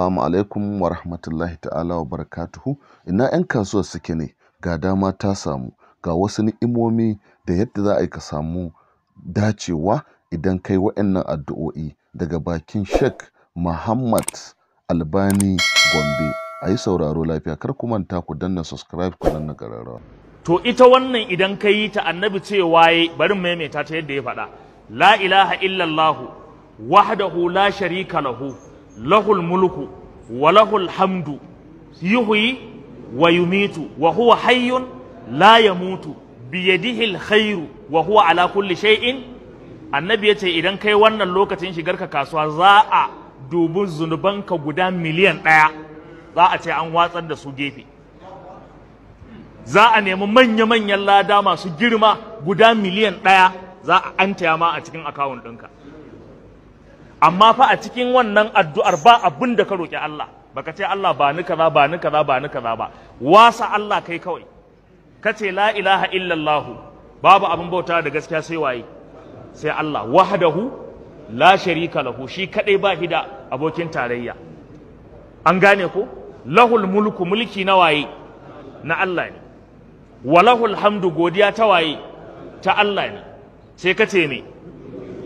Assalamu alaikum wa rahmatullahi ta'ala wa barakatuhu. Ina 'yan kasuwa suke ne? Ga dama ta samu, ga wasu ni'imomi da yadda za a yi ka samu dacewa idan kai wa'annan addu'o'i daga bakin Sheikh Muhammad Albani Gombe. A yi sauraro lafiya, kar ku manta ku danna subscribe ku danna gararra. To ita wannan idan ka yi ta annabi ce waye bari maimaita ta yadda ya faɗa. La ilaha illallahu wahdahu la sharika lahu lahul mulku wa lahul hamdu yuhyi wa yumitu wa huwa hayyun la yamutu bi yadihi alkhairu wa huwa ala kulli shay'in annabi yace idan kai wannan lokacin shigar ka kasuwa za a dubi zunubanka guda miliyan ɗaya za a ce an watsar da su gefe za a nemi manya-manyan lada masu girma guda miliyan ɗaya za a antaya ma a cikin akawun ɗinka amma fa a cikin wannan addu'ar ba abin da ka roƙi Allah baka ce Allah ba ni kaza ba ni kaza ba ni kaza ba wasa Allah kai kawai ka ce la ilaha illallah babu abin bauta da gaskiya sai waye sai Allah wahdahu la sharika lahu shi kadai ba shi da abokin tarayya an gane ko lahul mulku mulki na waye na Allah ne walahul hamdu godiya ta waye ta Allah ne sai ka ce ne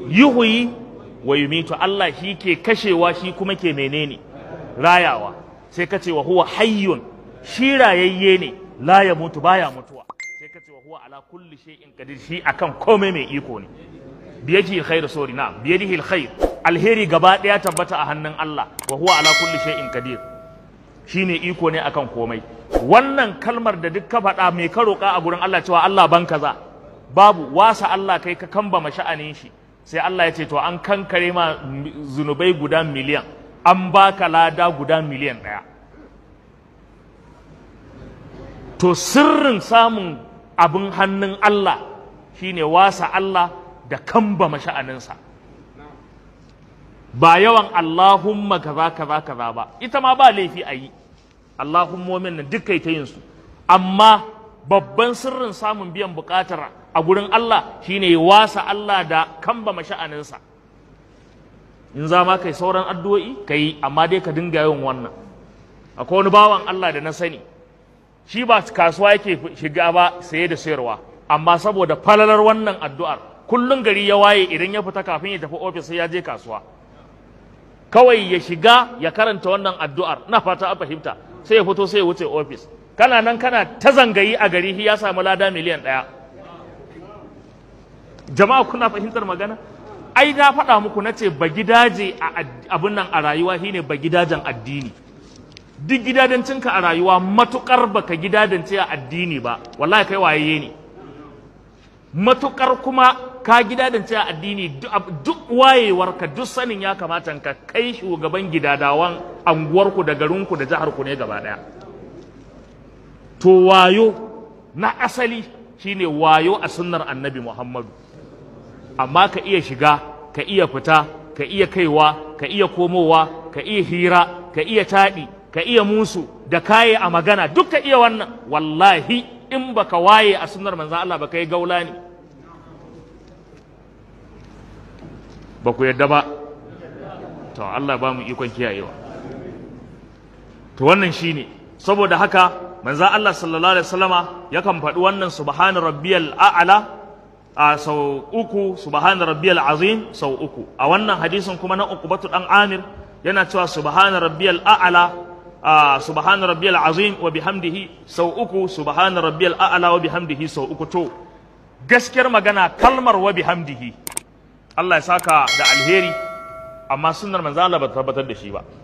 yuhuyi wa yumitu Allah shi ke kashewa shi kuma ke menene rayawa sai ka ce wa huwa hayyun shi rayayye ne la ya mutu baya mutuwa sai ka ce wa huwa ala kulli shay'in qadir shi akan komai mai iko ne biyadihi alkhair sorry na biyadihi alkhair alheri gaba daya tabbata a hannun Allah wa huwa ala kulli shay'in qadir shine iko ne akan komai wannan kalmar da duk ka faɗa mai ka roƙa a gurin Allah cewa Allah ban kaza babu wasa Allah kai ka kamba sha'anin shi sai Allah ya ce to an kankare ma zunubai guda miliyan an baka lada guda miliyan ɗaya to sirrin samun abin hannun Allah shine wasa Allah da kamba masha'aninsa ba yawan Allahumma kaza kaza kaza ba ita ma ba laifi a yi Allahummomin nan duk kai ta yin su amma babban sirrin samun biyan bukatar a gurin Allah shine ne wasa Allah da kambama sha'aninsa in za ma kai sauran addu'o'i ka yi amma dai ka dinga yin wannan akwai wani bawan Allah da na sani shi ba kasuwa yake shiga ba saye da sayarwa amma saboda falalar wannan addu'ar kullum gari ya waye idan ya fita kafin ya tafi ofis sai ya je kasuwa kawai ya shiga ya karanta wannan addu'ar na fata a fahimta sai ya fito sai ya wuce ofis kana nan kana ta zangayi a gari ya samu lada miliyan ɗaya jama'a kuna fahimtar magana ai na faɗa muku na ce ba gidaje a abin nan a rayuwa shine ba gidajen addini duk gidadancinka a rayuwa matukar baka gidadance a addini ba wallahi kai waye ne matukar kuma ka gidadance a addini duk wayewarka duk sanin ya kamata ka kai shugaban gidadawan anguwarku da garinku da jiharku ne gaba ɗaya to wayo na asali shine wayo a sunnar annabi muhammadu amma ka iya shiga ka iya fita ka iya kaiwa ka iya komowa ka iya hira ka iya taɗi ka iya musu da kaye a magana duk ka iya wannan wallahi in baka waye a sunnar manzan Allah baka yi gaula ne ba ku yadda ba to Allah ba mu ikon kiyayewa to wannan shine saboda haka manzan Allah sallallahu alaihi wasallama yakan faɗi wannan subhani rabbiyal a'ala a sau uku subhani rabbiyal azim sau uku a wannan hadisin kuma na uku batu dan amir yana cewa subhani rabbiyal a'ala, a subhani rabbiyal azim wa bihamdihi sau uku subhani rabbiyal a'ala wa bihamdihi sau uku to gaskiyar magana kalmar wa bihamdihi Allah ya saka da alheri amma sunnar manzan Allah ba tabbatar da shi ba